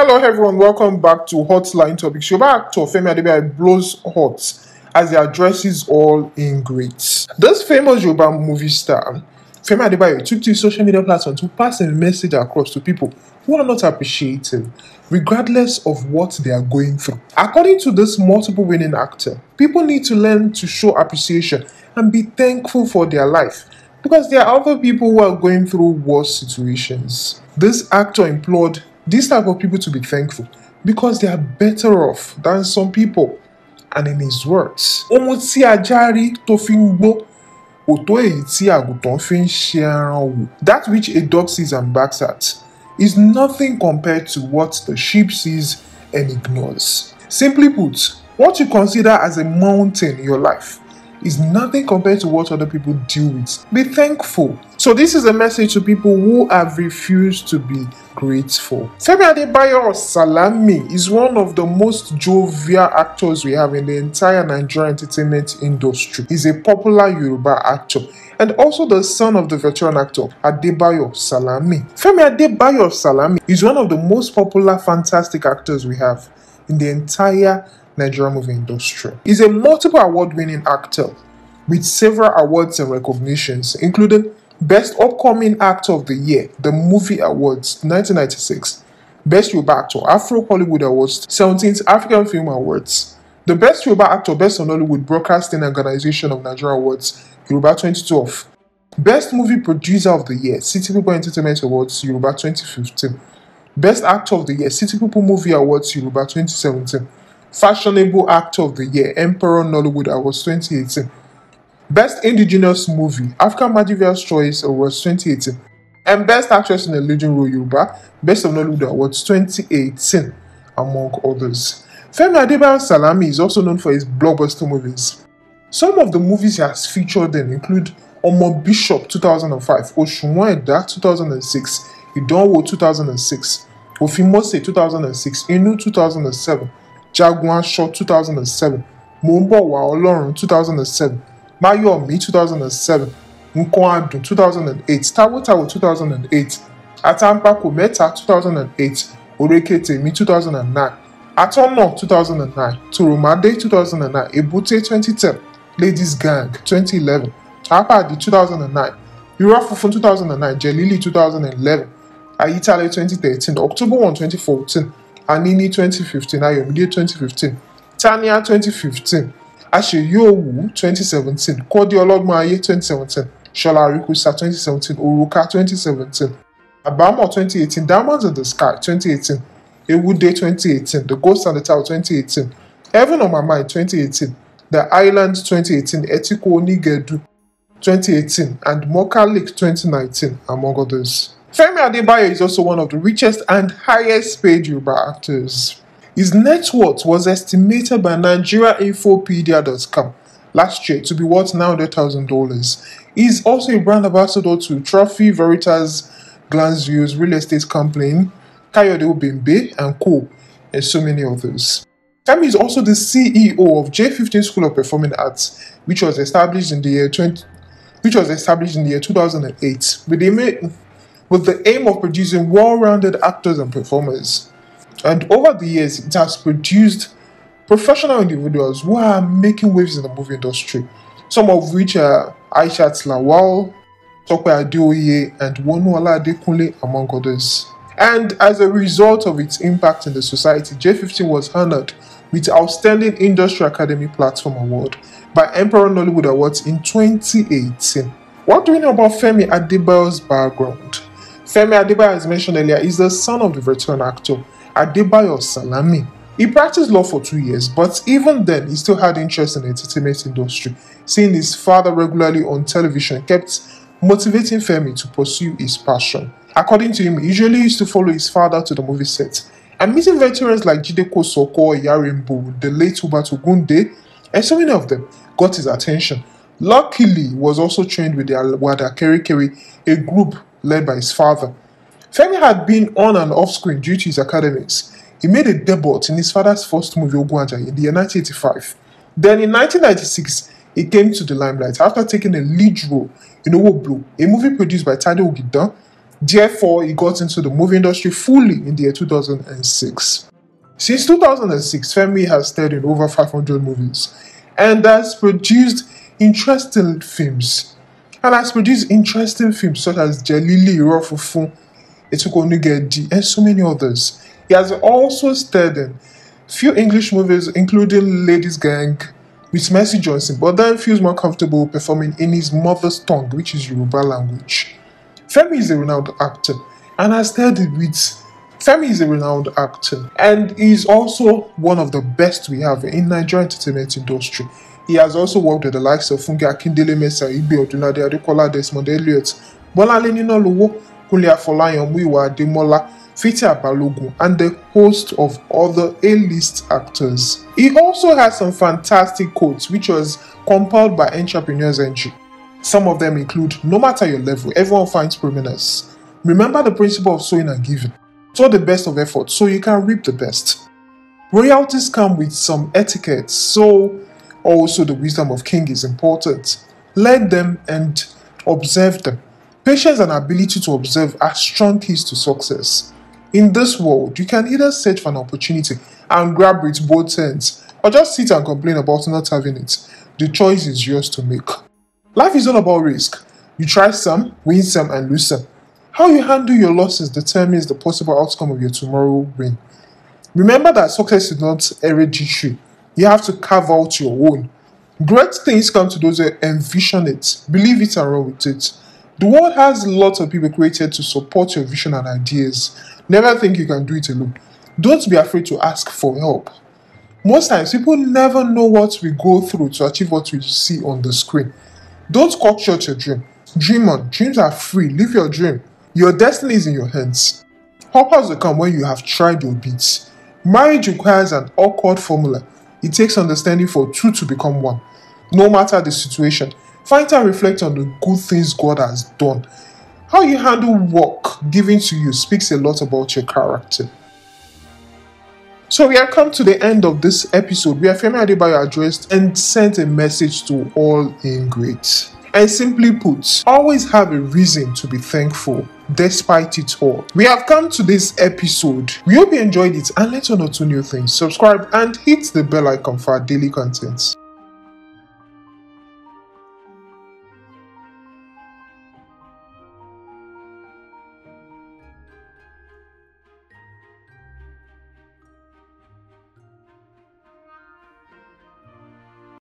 Hello, everyone. Welcome back to Hotline Topics. Your actor Femi Adebayo blows hot as he addresses all ingrates. This famous Yoruba movie star, Femi Adebayo, took to his social media platform to pass a message across to people who are not appreciated, regardless of what they are going through. According to this multiple winning actor, people need to learn to show appreciation and be thankful for their life because there are other people who are going through worse situations. This actor implored this type of people to be thankful because they are better off than some people and in his words. tí tó fi ń gbó èyí tí fi ń ṣe wò. that which a dog sees and backs at is nothing compared to what the sheep sees and ignores. Simply put, what you consider as a mountain in your life is nothing compared to what other people deal with. Be thankful so this is a message to people who have refused to be grateful. Femi Adebayo Salami is one of the most jovial actors we have in the entire Nigerian entertainment industry. He's a popular Yoruba actor and also the son of the veteran actor Adebayo Salami. Femi Adebayo Salami is one of the most popular fantastic actors we have in the entire Nigerian movie industry. He's a multiple award-winning actor with several awards and recognitions including Best Upcoming Actor of the Year, the Movie Awards 1996. Best Yoruba Actor, Afro Hollywood Awards, 17th African Film Awards. The Best Yoruba Actor, Best on Hollywood Broadcasting Organization of Nigeria Awards, Yoruba 2012. Best Movie Producer of the Year, City People Entertainment Awards, Yoruba 2015. Best Actor of the Year, City People Movie Awards, Yoruba 2017. Fashionable Actor of the Year, Emperor Nollywood Awards 2018. Best Indigenous Movie, African Magic Viewers Choice Awards 2018, and Best Actress in a Leading Role Yoruba, Best of Nollywood Awards 2018, among others. Femi Adebayo Salami is also known for his blockbuster movies. Some of the movies he has featured in include Omo Bishop 2005, Oshunwa Eda 2006, Idonwo 2006, Ofimose 2006, Inu 2007, Jaguan Shot 2007, Mumbo Wa Olorun 2007, Mayomi 2007, Nkwandun 2008, Tawotawo 2008, Atampa Meta 2008, Temi 2009, Atonno 2009, Turumade 2009, Ebute 2010, Ladies Gang 2011, Apadi 2009, Irafufun 2009, Jelili 2011, Ayitale 2013, October 1, 2014, Anini 2015, Ayomide 2015, Tania 2015, àṣeyí òwú twenty seventeen kọ́dé ọlọ́gbọ́n seventeen Shola àríkúsá twenty seventeen òrùka twenty seventeen àbámọ̀ twenty eighteen diamonds in the sky twenty Day twenty eighteen the ghost and the tower twenty eighteen heaven on my mind twenty eighteen the island twenty eighteen etiko onígẹ̀dù twenty eighteen and moka lake twenty nineteen among others. Femi Adebayo is also one of the richest and highest paid Yoruba actors. His net worth was estimated by NigeriaInfopedia.com last year to be worth $900,000. He is also a brand ambassador to Trophy Veritas Views Real Estate Company, Kayode Obimbe and Co., and so many others. Kami is also the CEO of J15 School of Performing Arts, which was established in the year 20, which was established in the year 2008 with the, with the aim of producing well-rounded actors and performers. And over the years, it has produced professional individuals who are making waves in the movie industry, some of which are Aisha Tlawal, Tokwe Adeoye, and Wonuola Adekunle, among others. And as a result of its impact in the society, J15 was honored with Outstanding Industry Academy Platform Award by Emperor Nollywood Awards in 2018. What do we know about Femi Adebayo's background? Femi Adebayo, as mentioned earlier, is the son of the veteran actor Adebayo Salami. He practiced law for two years, but even then, he still had interest in the entertainment industry, seeing his father regularly on television kept motivating Femi to pursue his passion. According to him, he usually used to follow his father to the movie set, and meeting veterans like Jideko Soko, Yarimbo, the late Ubatu Gunde, and so many of them got his attention. Luckily, he was also trained with the Wada Kerikeri, a group led by his father. Femi had been on and off screen due to his academics. He made a debut in his father's first movie, Ogwaja, in the year 1985. Then in 1996, he came to the limelight after taking a lead role in Owo Blue, a movie produced by Tade Ogidan. Therefore, he got into the movie industry fully in the year 2006. Since 2006, Femi has starred in over 500 movies and has produced interesting films. And has produced interesting films such as Jalili Irofufun, Etukonugeji, and so many others. He has also starred in few English movies, including Ladies Gang with Mercy Johnson, but then feels more comfortable performing in his mother's tongue, which is Yoruba language. Femi is a renowned actor and has starred with Femi is a renowned actor and is also one of the best we have in Nigerian entertainment industry. He has also worked with the likes of Funke Akindele Mesa, Ibe Odunade Adekola Desmond Elliott, Bola Lenin Kule Afolayan, Muiwa Demola Fita Balogun, and a host of other A-list actors. He also has some fantastic quotes, which was compiled by Entrepreneurs Entry. Some of them include, no matter your level, everyone finds prominence. Remember the principle of sowing and giving. Sow the best of effort so you can reap the best. Royalties come with some etiquette, so also the wisdom of king is important. Let them and observe them. Patience and ability to observe are strong keys to success. In this world, you can either search for an opportunity and grab it both hands, or just sit and complain about not having it. The choice is yours to make. Life is all about risk. You try some, win some, and lose some. How you handle your losses determines the possible outcome of your tomorrow win. Remember that success is not hereditary. You have to carve out your own. Great things come to those who envision it, believe it, and run with it. The world has lots of people created to support your vision and ideas. Never think you can do it alone. Don't be afraid to ask for help. Most times, people never know what we go through to achieve what we see on the screen. Don't cut short your dream. Dream on. Dreams are free. Live your dream. Your destiny is in your hands. has will come when you have tried your bits. Marriage requires an awkward formula. It takes understanding for two to become one. No matter the situation, Find and reflect on the good things God has done. How you handle work given to you speaks a lot about your character. So we have come to the end of this episode We have finally by addressed and sent a message to all ingrates. And simply put, always have a reason to be thankful despite it all. We have come to this episode. We hope you enjoyed it and let us know two new things. Subscribe and hit the bell icon for our daily contents.